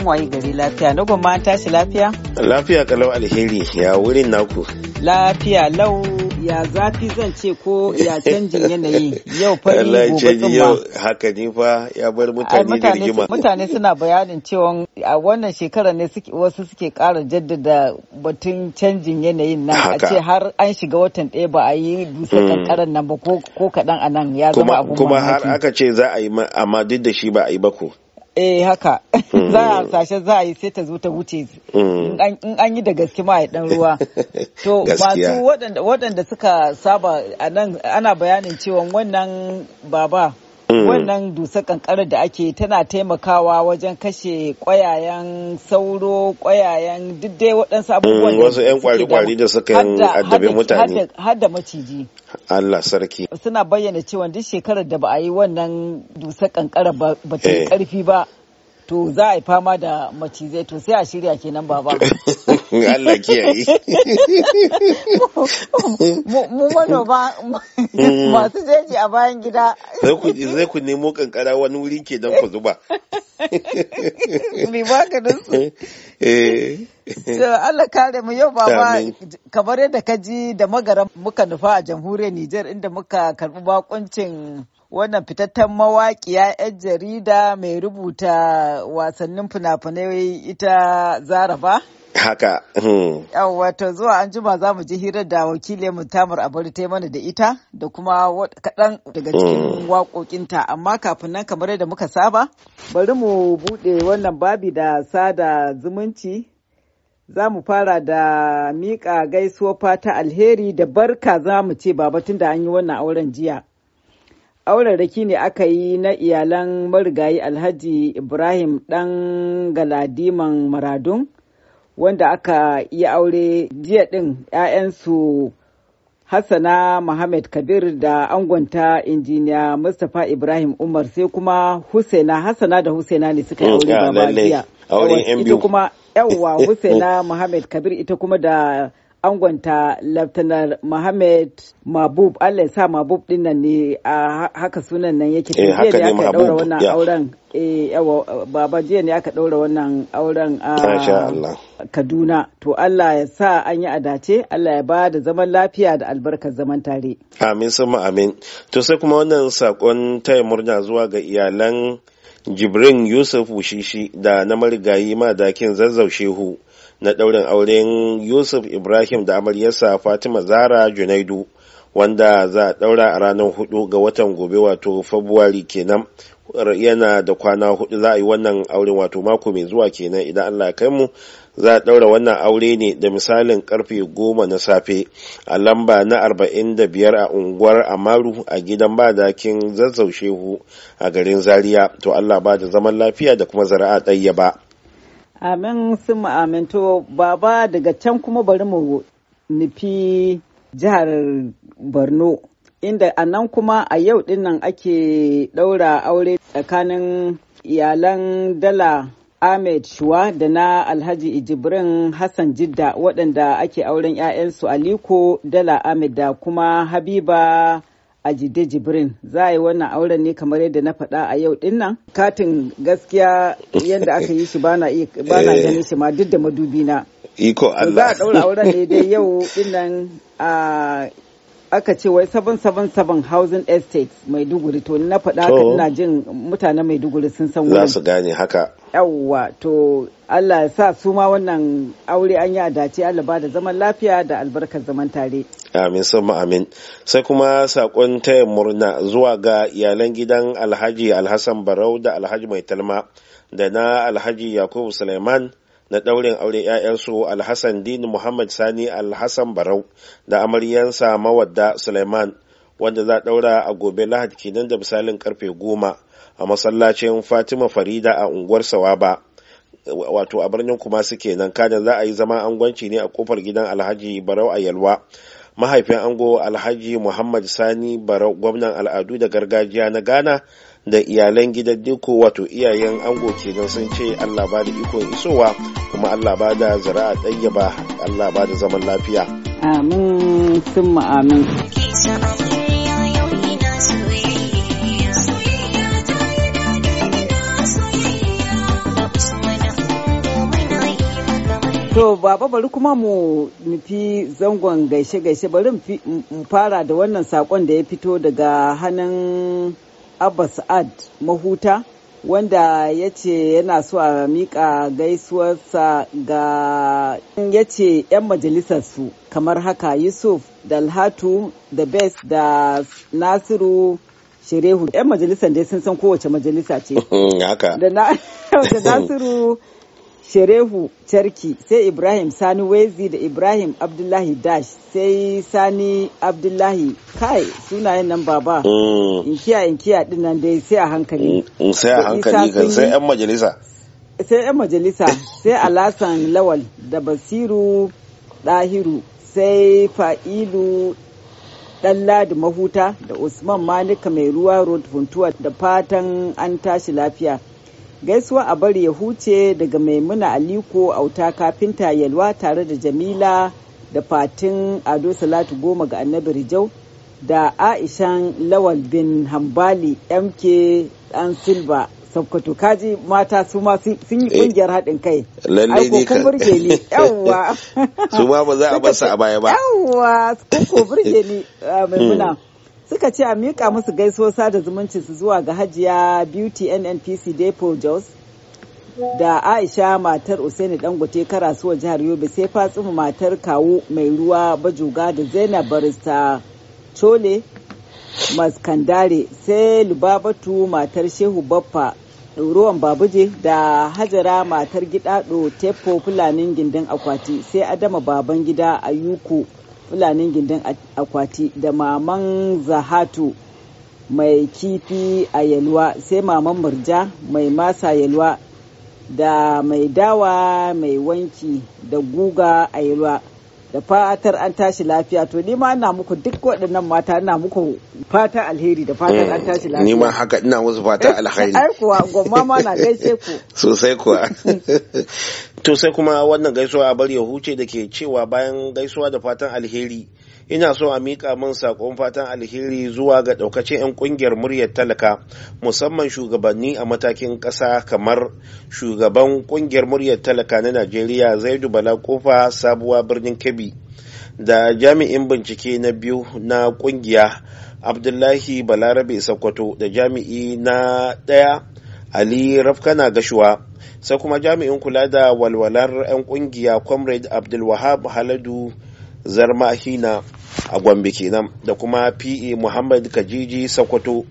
an wayi gari lafiya na gwamma an tashi lafiya? Lafiya kalau alheri ya wurin naku. Lafiya lau ya zafi zan ce ko ya canjin yanayi yau fari gobe tsumma. yau haka ne fa ya bar mutane da rigima. Mutane suna bayanin cewa a wannan shekarar ne wasu suke ƙara jaddada batun canjin yanayin nan a ce har an shiga watan ɗaya ba a yi dusa kankaran hmm. nan ba ko kaɗan a nan ya zama abu Kuma har aka ce za a yi amma duk da shi ba a yi ba ko. eh haka mm-hmm. za a hasashe za a yi sai ta zo ta wuce mm-hmm. in an yi da gaske ma dan ruwa to masu waɗanda suka saba ana bayanin cewa wannan baba Mm. wannan dusar kankarar da ake tana taimakawa wajen kashe kwayayen sauro kwayayen duk dai waɗansu abubuwan mm, da wasu 'yan kwari-kwari da suka yi addabe mutane har da maciji Allah sarki suna bayyana cewa duk shekarar da ba a yi wannan dusar kankarar ba ta karfi eh. ba to za a yi fama da macizai to sai a shirya kenan baba. Allah kiyaye. Mu manoma mm. masu jeji a bayan gida. Zai ku nemo kankara wani wuri ke don ku zuba. Mai Eh. Allah kare mu yau baba kamar yadda ka ji da magara muka nufa a jamhuriyar Nijar inda muka karbi bakuncin wannan fitattun mawaƙiya 'yan jarida mai rubuta wasannin fina-finai ita zaraba. Haka. Hmm. wato zuwa an jima za mu ji hirar da wakilin mu tamar abari ta mana da ita da kuma kaɗan daga cikin hmm. waƙoƙinta amma kafin nan kamar yadda muka saba bari mu buɗe wannan babi da sada zumunci za mu fara da miƙa gaisuwa fata alheri da barka za mu ce babatun da an yi wannan auren jiya. raki ne aka yi na iyalan marigayi alhaji ibrahim ɗan galadiman maradun wanda aka yi aure jiya ɗin 'ya'yansu hassana muhammad kabir da angonta injiniya mustapha ibrahim umar sai kuma husaina hassana da husaina ne suka yi aure ba ba jiya kuma yawwa husaina muhammad kabir ita kuma da angonta laftanar Mohammed Mabub Allah ya sa Mabub din nan ne a haka sunan nan yake eh, haka ne Mabub wannan auren eh yawa baba jiya ne aka daura wannan auren a Kaduna to Allah ya sa an yi adace Allah ya ba da zaman lafiya da albarkar zaman tare amin sama amin to sai kuma wannan sakon taya murna zuwa ga iyalan Jibrin Yusuf Wushishi da na marigayi madakin zazzau shehu na ɗaurin auren yusuf ibrahim da amaryarsa fatima zara junaidu wanda za a ɗaura a ranar hudu ga watan gobe wato fabuwari kenan yana da kwana hudu za a yi wannan auren wato mako mai zuwa kenan idan allah kai mu za a ɗaura wannan aure ne da misalin karfe goma na safe a lamba na arba'in da biyar a unguwar amaru a gidan badakin zazzau shehu a garin zaria to allah ba da zaman lafiya da kuma zara'a ɗayya ba Amin sun aminto baba daga can kuma bari mu nufi jihar Borno. Inda a nan kuma a yau dinnan ake ɗaura aure tsakanin iyalan dala Ahmed Shuwa da na Alhaji Jibrin Hassan Jidda waɗanda ake auren 'ya'yansu Aliko Dala Ahmed da kuma Habiba Ajide Jibrin za a yi wannan auren ne kamar yadda na faɗa a yau din katin gaskiya yadda aka yi shi ba na eh. ganin shi ma duk da madubi na iko Allah za a ɗaura auren ne dai yau din aka ce wai 777 housing mai maiduguri to na faɗa ka ina jin mutanen maiduguri sun san wurin za su gane haka yawwa to Allah ya sa su ma wannan aure an yi a dace Allah ba da zaman lafiya da albarkar zaman tare amin amin sai kuma sakon taya murna zuwa ga iyalan gidan alhaji alhassan barau da alhaji mai talma da na alhaji yakubu suleiman na ɗaurin aure 'ya'yansu alhassan dini muhammad sani alhassan barau da amaryansa mawadda suleiman wanda za a ɗaura a gobe lahadi kenan da misalin karfe goma a masallacin fatima farida a unguwar sawaba wato a birnin kuma suke kenan kada za a yi zama angwanci ne a kofar gidan alhaji barau a yalwa mahaifin ango alhaji muhammad sani barau gwamnan al'adu da gargajiya na ghana da iyalan gidan diko wato iyayen ango kenan sun ce allah ba da ikon isowa kuma allah ba da zara'a ɗayyaba allah ba da zaman lafiya amin sun amin To baba bari kuma mu nufi zangon gaishe-gaishe bari mu fara da wannan sakon da ya fito daga hannun Abba Sa'ad Mahuta wanda ya ce yana so a mika gaisuwarsa ga ya ce 'yan majalisarsu kamar haka Yusuf Dalhatu da Bes da Nasiru Shirehu 'yan majalisar dai sun san kowace majalisa ce. Da Nasiru Sherehu Cherki sai Ibrahim Sani Wezi da Ibrahim Abdullahi Dash sai Sani Abdullahi kai sunayen nan baba mm. inkiya inkiya din nan dai sai a hankali mm, mm, sai a hankali sai yan majalisa sai yan majalisa sai Alasan Lawal da Basiru Dahiru sai Fa'ilu Ɗanladi Mahuta da Usman Malika mai ruwa Road Funtuwa da fatan an tashi lafiya. gaisuwa a bari ya huce daga maimuna aliko auta kafinta yalwa tare da jamila da fatin ado salatu goma ga annabi rijau da aishan lawal bin hambali mk dan silva sabkwato kaji mata su ma sun yi eh, kungiyar haɗin kai lallai ne kan burge ni yawwa su ma ba za a basa a baya ba yawwa ko burge ni maimuna mm. suka ce a miƙa musu gaisuwar sada zumunci su zuwa ga hajiya beauty nnpc depo jos da aisha matar usaini dangote karasuwa jihar yobe sai fatsuma matar kawo mai ruwa bajuga da zainab barista chole maskandare sai lubabatu matar shehu baffa ruwan babuje da hajara matar gidado tepo fulanin gindin akwati sai adama baban gida ayuku fulanin gindin akwati da maman zahatu mai kifi a yalwa sai maman murja mai masa yalwa da mai dawa mai wanki da guga a yalwa da fatar an tashi lafiya to nima ina muku duk waɗannan mata ina muku fata alheri da fatar an mm. tashi lafiya nima haka ina musu fata eh, alheri ai kuwa gwamma ma na gaishe ku sosai kuwa To sai kuma wannan gaisuwa a bar ya huce da ke cewa bayan gaisuwa da fatan alheri ina so a miƙa min saƙon fatan alheri zuwa ga ɗaukacin 'yan ƙungiyar muryar talaka musamman shugabanni a matakin ƙasa kamar shugaban ƙungiyar muryar talaka na Najeriya Zaidu Bala Kofa sabuwa birnin Kebbi da jami'in bincike na biyu na ƙungiya Abdullahi Balarabe Sokoto da jami'i na ɗaya ali na gashuwa sai kuma jami'in kula da walwalar 'yan kungiya comrade abdulwahab haladu zarmahina a gombe kenan da kuma pe muhammad kajiji sokoto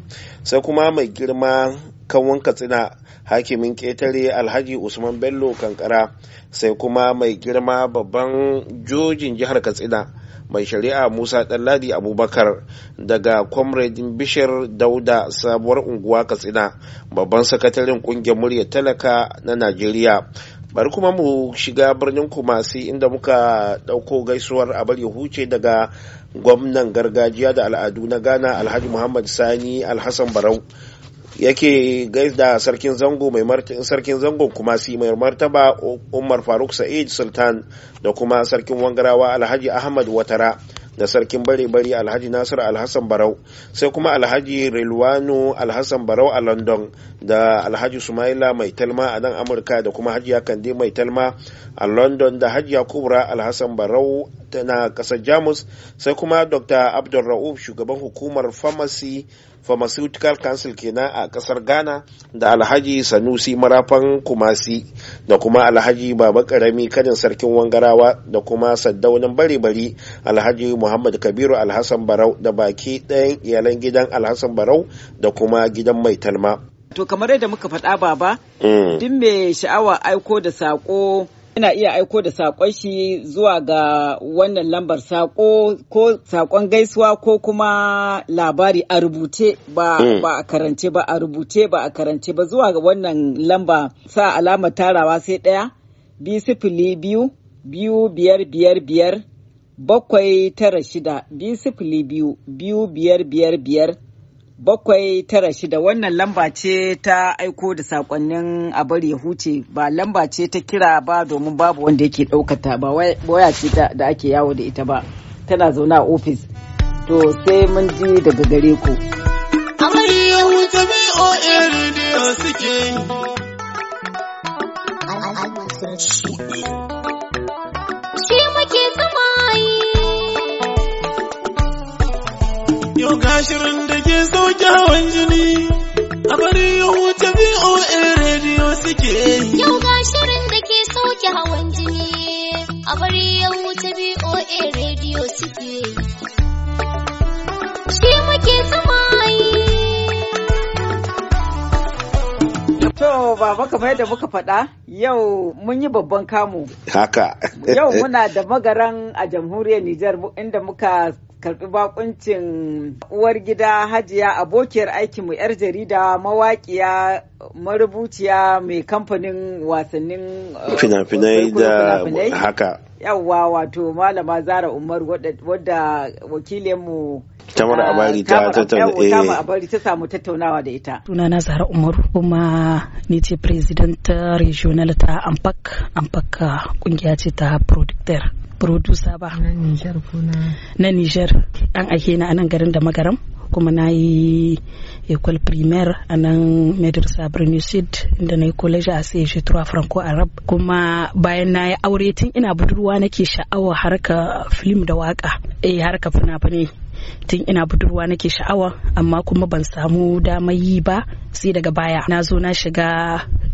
sai kuma mai girma kawun katsina hakimin ƙetare alhaji usman bello kankara sai kuma mai girma babban jojin jihar katsina mai shari'a musa ɗanladi abubakar daga comrade bishir dauda sabuwar unguwa katsina babban sakataren ƙungiyar murya talaka na najeriya bari kuma mu shiga birnin kumasi inda muka ɗauko gaisuwar a bari huce daga gwamnan gargajiya da al'adu na ghana alhaji muhammad sani alhassan barau yake gaida sarkin zango mai sarkin zangon kuma si mai martaba umar faruk sa'id sultan da kuma sarkin wangarawa alhaji ahmad watara da sarkin bare bare alhaji nasiru alhassan barau sai kuma alhaji rilwano alhassan barau a london da alhaji sumaila mai talma a nan amurka da kuma hajiya kande mai talma a london da hajiya kubra alhassan barau na kasar jamus sai kuma dr abdulra'uf shugaban hukumar pharmacy pharmaceutical council kenan a kasar ghana da alhaji sanusi marafan kumasi da kuma alhaji baba karami kanin sarkin wangarawa da kuma saddaunin bare-bari alhaji muhammad kabiru alhassan barau da baki ɗayan iyalan gidan alhassan barau da kuma gidan mai talma to kamar yadda muka faɗa baba mm. duk mai sha'awa aiko da saƙo yana iya aiko da saƙon shi zuwa ga wannan lambar saƙo ko saƙon gaisuwa ko kuma labari a rubuce ba hmm. a karance ba a rubuce ba a karance ba zuwa ga wannan lamba sa alama tarawa sai ɗaya biyu sifili biyu biyu biyar biyar biyar bakwai tara shida biyu sifili biyu biyu biyar biyar biyar bakwai tara shida wannan lamba ce ta aiko da sakonnin a bari ya huce ba lamba ce ta kira ba domin babu wanda yake ɗaukata ba waya ce da ake yawo da ita ba tana zaune a ofis to sai mun ji daga gare ku Shi muke ta hawan jini a bari ya huta BOA rediyo suke yi. Yau ga shirin da ke sauke hawan jini a bari ya huta BOA rediyo suke yi. Shi muke sama yi. To baba kamar yadda muka faɗa yau mun yi babban kamu. Haka. yau muna da magaran a jamhuriyar Nijar inda muka karbi bakuncin uwar gida hajiya abokiyar aikinmu 'yar jarida mawaƙiya marubuciya mai kamfanin wasannin uh, fina-finai da haka yawwa wato malama zara umar wadda wakilinmu tamar abari ta abari eh. ta samu tattaunawa da ita sunana zara Umar, kuma ni ce president regional ta ampak ampak uh, kungiya ce ta producteur producer ba na niger an ake na anan garin da magaram kuma na yi école primaire a nan madrasa birni sud inda na yi college a sai shi franco arab kuma bayan na yi aure tun ina budurwa nake sha'awar harka film da waka eh harka fina-finai tun ina budurwa nake sha'awa amma kuma ban samu damar yi ba sai daga baya na zo na shiga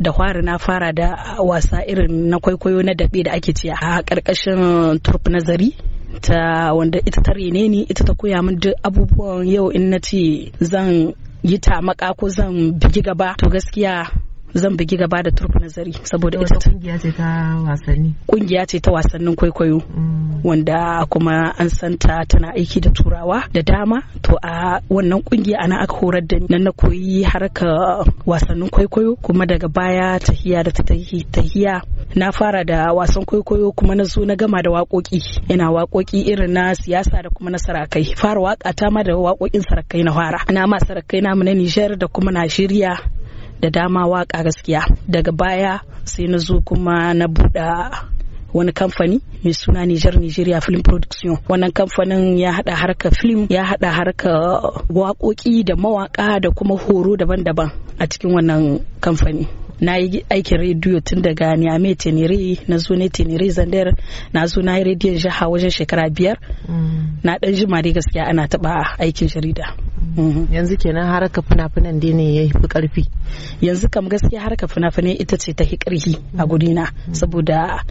da hwari na fara da wasa irin na kwaikwayo na daɓe da ake ce a ƙarƙashin turf nazari ta wanda ita ta rene ni ita ta koya min duk abubuwan yau in na ce zan yi tamaka ko zan bigi gaba to gaskiya zan bugi gaba da turku nazari saboda ita kungiya ce ta wasanni kungiya ce ta wasannin kwaikwayo mm. wanda kuma an santa tana aiki da turawa da dama to a wannan kungiya ana aka horar da nan na koyi harka wasannin kwaikwayo kuma daga baya tahiya da tahiya na fara da wasan kwaikwayo kuma na zo na gama da waƙoƙi ina waƙoƙi irin na siyasa da kuma na sarakai fara waƙa ta ma da waƙoƙin sarakai na fara na ma sarakai na na Nijar da kuma Najeriya da dama waka gaskiya daga baya sai na zo kuma na buɗa wani kamfani mai suna Niger Nigeria Film Production. Wannan kamfanin ya hada harka film, ya hada harka waƙoƙi da mawaƙa da kuma horo daban-daban a cikin wannan kamfani. na yi aikin rediyo tun daga niamey tenere na zo ne tenere zandar na zo na yi rediyon jiha wajen shekara biyar mm. na dan jima dai gaskiya ana taba aikin jarida mm. Mm. yanzu kenan haraka fina-finan dai ne ya fi karfi yanzu kam gaskiya haraka fina-finai ita ce ta fi karfi a gudina saboda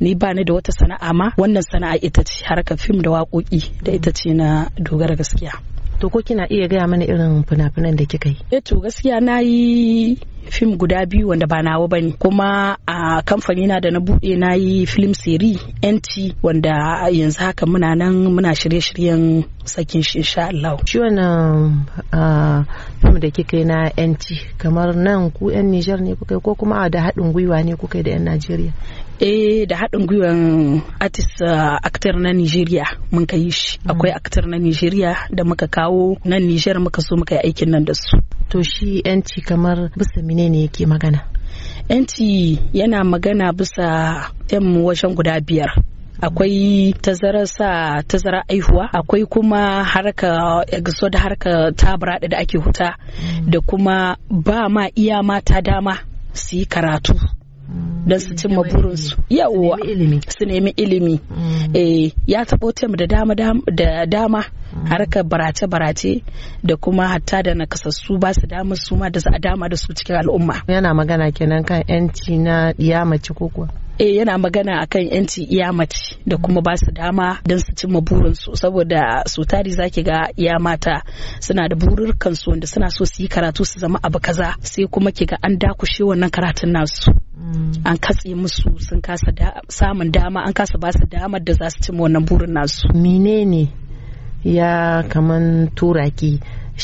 ni ba ni da wata sana'a ma wannan sana'a ita ce haraka fim da waƙoƙi da ita ce na dogara gaskiya to ko kina iya gaya mana irin fina-finan da kika yi eh to gaskiya na yi fim guda biyu wanda ba nawa bane kuma a kamfani na da na bude na yi film siri yanci wanda yanzu haka muna nan muna shirye-shiryen sakin shi insha Allah shi wannan fim da kika yi na yanci kamar nan ku yan Nijar ne kuka ko kuma da haɗin gwiwa ne kuka da yan Najeriya eh da haɗin gwiwan artist actor na Nigeria mun ka yi shi mm. akwai actor na Nigeria da muka kawo nan Nijar muka so muka yi aikin nan da su to shi yanci kamar bisa menene yake magana yanci yana magana bisa yan wajen guda biyar akwai tazarar sa tazarar aihuwa akwai kuma harka exod harka da ake huta mm. da kuma ba ma iya mata dama su yi karatu don su cimma burinsu yawwa su nemi ilimi mm. eh, ya taɓo mu da dama da dama mm. harkar barace-barace da kuma hatta da nakasassu ba su damar su ma da su a dama da su cikin al'umma yana magana kenan kan 'yanci na ya mace ko kuwa eh yana magana akan yanci iya mace da kuma ba su dama don su cimma burinsu saboda su tari zaki ga iya mata suna da burukan su wanda suna so su yi karatu su zama abu kaza sai kuma ki ga an dakushe wannan karatun nasu mm. an katse musu sun kasa samun dama an kasa ba su damar da za su cimma wannan burin nasu menene ya kaman turaki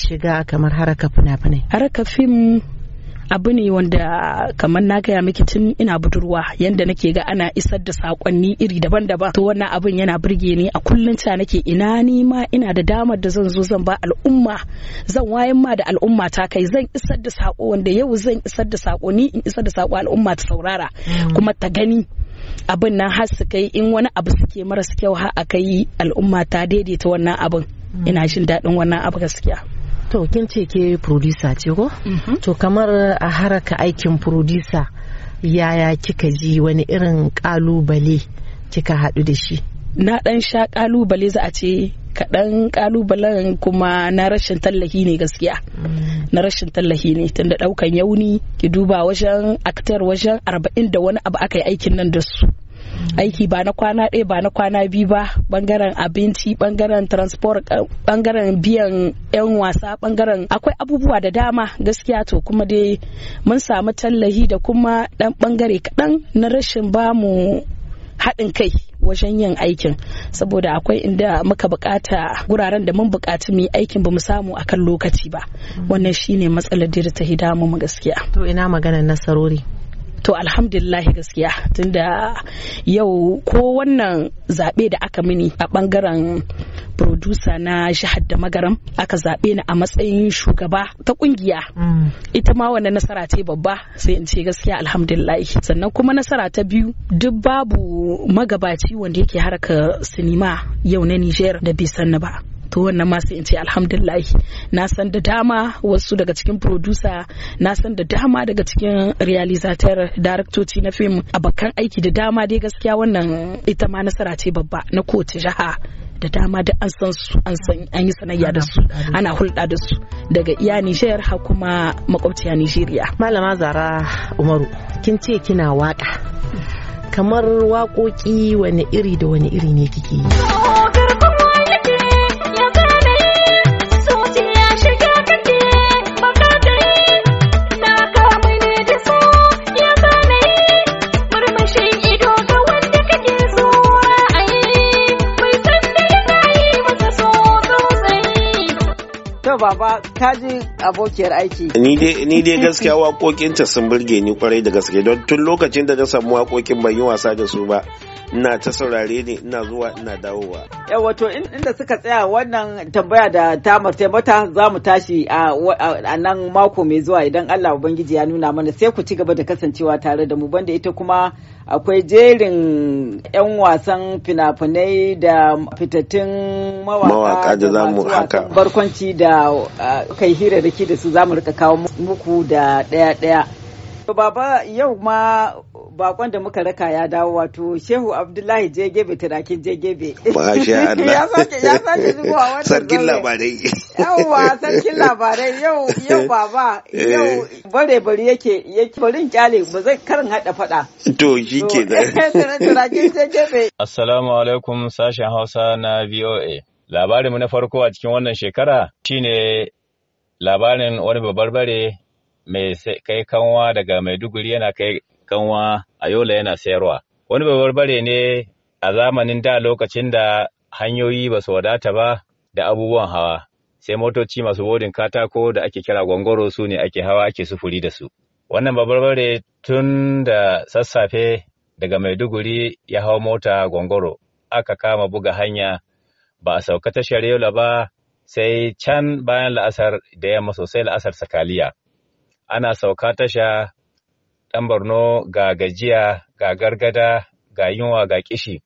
shiga kamar haraka fina haraka fim abu ne wanda kamar na gaya miki tun ina budurwa yanda nake ga ana isar da sakonni iri daban-daban to wannan abin yana burge ni a kullun ta nake ina ni ma ina da damar da zan zo zan ba al'umma zan wayan ma da al'umma ta kai zan isar da sako wanda yau zan isar da sako ni in isar da sako al'umma ta saurara mm. kuma ta gani abin nan har su kai in wani abu suke marasa kyau har a kai al'umma ta daidaita wannan abin mm. ina jin daɗin wannan abu gaskiya to kin ce ke producer ce ko mm-hmm. to kamar a haraka aikin producer yaya kika ji wani irin kalubale kika haɗu da shi na ɗan sha kalubale za a ce kaɗan kalubalen kuma na rashin tallahi ne gaskiya mm. na rashin tallahi ne tunda ɗaukan yauni ki duba wajen aktar wajen arba'in da wani abu aka yi aikin nan da su aiki ba na kwana ɗaya ba na kwana biyu ba bangaren abinci bangaren transport bangaren eh, biyan 'yan wasa bangaren akwai abubuwa da dama gaskiya to kuma dai mun samu tallahi da kuma ɗan bangare kaɗan na rashin bamu haɗin kai wajen yin aikin saboda akwai inda muka bukata guraren da mun bukaci mu aikin ba mu samu akan lokaci ba wannan shine matsalar da ta hidamu mu gaskiya to ina magana nasarori to alhamdulillah gaskiya tunda yau ko wannan zaɓe da aka mini a ɓangaren producer na jihar da magaram aka zaɓe ni a matsayin shugaba ta kungiya mm. ita ma wannan nasara ce babba sai in ce gaskiya alhamdulillah sannan kuma nasara ta biyu duk babu magabaci wanda yake haraka sinima yau na Niger da bai sani ba to wannan ma sai in ce alhamdulillahi na san da dama wasu daga cikin producer na san da dama daga cikin realizator daraktoci na fim a bakan aiki da dama dai gaskiya wannan ita ma nasara ce babba na kowace jiha da dama da an san su an san an yi sanayya da su ana hulɗa da su daga iya Nijar har kuma makwabciya Nijeriya malama Zara Umaru kin ce kina waka kamar waƙoƙi wani iri da wani iri ne kike yi oh, baba ta ji abokiyar aiki. Ni dai gaskiya waƙoƙinta sun burge ni kwarai da gaske don tun lokacin da na samu waƙoƙin ban yi wasa da su ba. Ina ta saurare ne ina zuwa ina dawowa. Yawa to inda suka tsaya wannan tambaya da ta mata za mu tashi a nan mako mai zuwa idan Allah Ubangiji ya nuna mana sai ku ci gaba da kasancewa tare da mu banda ita kuma akwai jerin 'yan wasan finafinai da fitattun mawaka da zamu haka barkwanci da kai hira da su zamu rika kawo muku da ɗaya-ɗaya. Baba yau ma bakon da muka raka ya dawo wato Shehu Abdullahi Jegebe turakin Jegebe. Masha Allah. ya sake ya sake zuwa wannan sarkin labarai. yauwa sarkin labarai yau yau eh. baba yau eh. bare bari yake yake barin kyale ba zai karin hada fada. To shi ke Turakin Jegebe. Assalamu alaikum sashen Hausa na VOA. Labarinmu na farko a cikin wannan shekara shine labarin wani babbar bare mai kai kanwa daga Maiduguri yana kai kanwa a yola yana sayarwa. Wani babarbare ne a zamanin da lokacin da hanyoyi ba su wadata ba da abubuwan hawa. Sai motoci masu bodin katako da ake kira gwangwaro su ne ake hawa ake sufuri da su. Wannan babarbare tun da sassafe daga Maiduguri ya hau mota gwangwaro aka kama buga hanya ba a sauka tashar yola ba sai can bayan la'asar da yamma sosai la'asar sakaliya. Ana sauka tasha ɗan Borno ga gajiya ga gargada ga yunwa ga kishi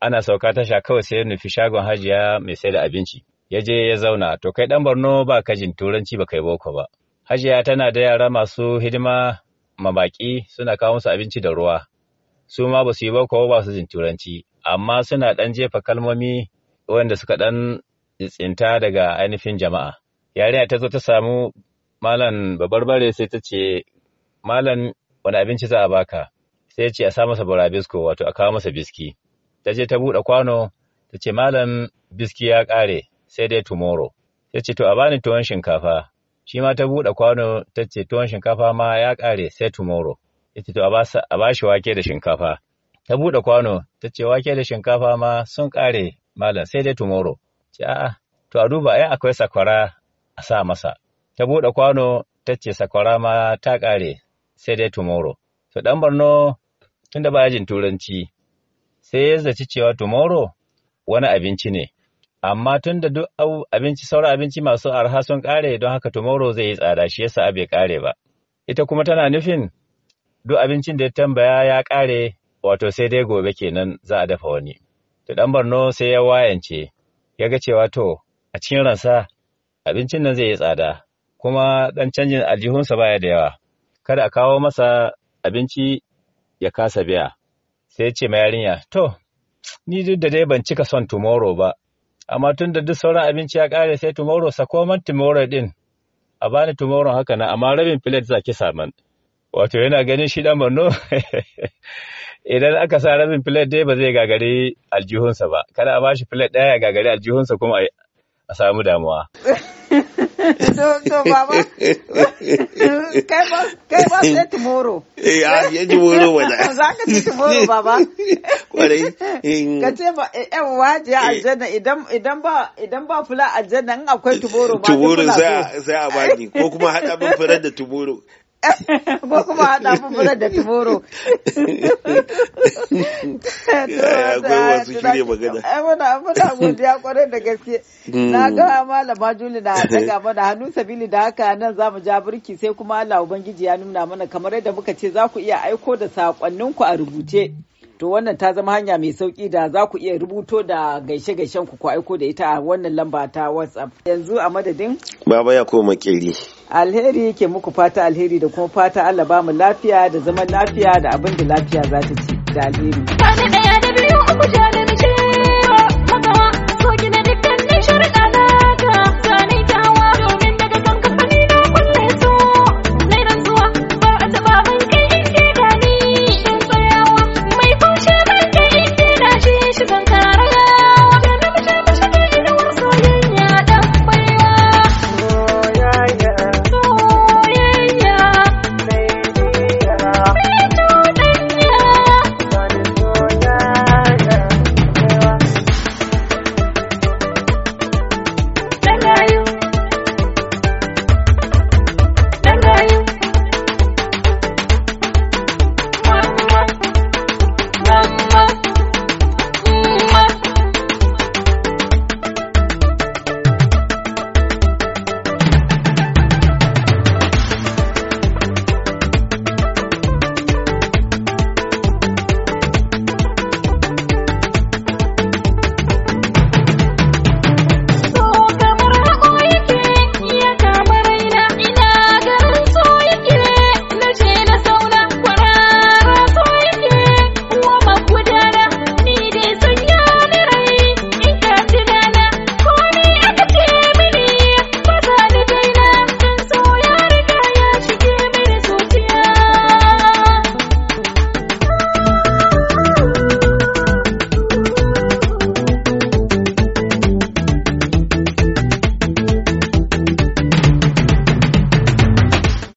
ana sauka tasha kawai sai nufi shagon hajiya mai sai da abinci ya je ya zauna to kai ɗan Borno ba ka jin turanci ba kai boko ba hajiya tana da yara masu hidima mabaki suna kawo musu abinci da ruwa su ma ba su yi boko ba su jin turanci amma suna ɗan jefa kalmomi wanda suka ɗan tsinta daga ainihin jama'a yarinya ta zo ta samu malam babarbare sai ta ce malam wani abinci za a baka sai ce a sa masa burabisko wato a kawo masa biski ta ce ta buɗe kwano ta ce malam biski ya ƙare sai dai tomorrow ta ce to a bani tuwon shinkafa shi ma ta buɗe kwano ta ce tuwon shinkafa ma ya ƙare sai tomorrow Ita ce to a ba shi wake da shinkafa ta buɗe kwano ta ce wake da shinkafa ma sun ƙare malam sai dai tomorrow ce a'a to a duba ai akwai sakwara a sa masa ta buɗe kwano ta ce sakwara ma ta ƙare sai dai tomorrow so dan Borno da baya jin turanci sai ya zaci cewa tomorrow wani abinci ne amma tun da duk abinci sauran abinci masu arha sun ƙare don haka tomorrow zai yi tsada shi yasa bai ƙare ba ita kuma tana nufin duk abincin da ya tambaya ya kare wato sai dai gobe kenan za a dafa wani to ɗan Borno sai ya wayance ya ga cewa to a cikin ransa abincin nan zai yi tsada kuma ɗan canjin aljihunsa baya da yawa kada a kawo masa abinci ya kasa biya sai ce ma yarinya to ni duk da dai ban cika son tomorrow ba amma tun da duk sauran abinci ya kare sai tomorrow man tomorrow din a bani tomorrow haka na amma rabin plate za ki saman wato yana ganin shi dan Borno idan aka sa rabin plate dai ba zai gagari aljihunsa ba kada a bashi plate ɗaya ya gagari aljihunsa kuma a samu damuwa. to baba kai ba kai ba sai tomorrow eh a ya tomorrow wala za ka ci tomorrow baba kwarai ka ce ba eh, yan waje eh. aljanna idan idan ba idan ba fula aljanna in akwai tomorrow ba tomorrow sai sai a bani ko kuma haɗa min furar da tomorrow ko kuma haɗa fuffurar da tuboro. Akwai wasu shirya magana. Muna muna godiya kwarai da gaske. Mm. Na ga malama Juli na daga mana hannu sabili da haka nan za mu ja birki sai kuma Allah Ubangiji ya nuna mana kamar yadda muka ce za ku iya aiko da saƙonninku a rubuce. To wannan ta zama hanya mai sauki da za ku iya rubuto da gaishe-gaishen ku aiko da ita a wannan lamba ta WhatsApp. Yanzu a madadin? Baba ya koma makeri. Alheri ke muku fata alheri da kuma fata Allah ba mu lafiya da zaman lafiya da abin da lafiya za ta ci da alheri.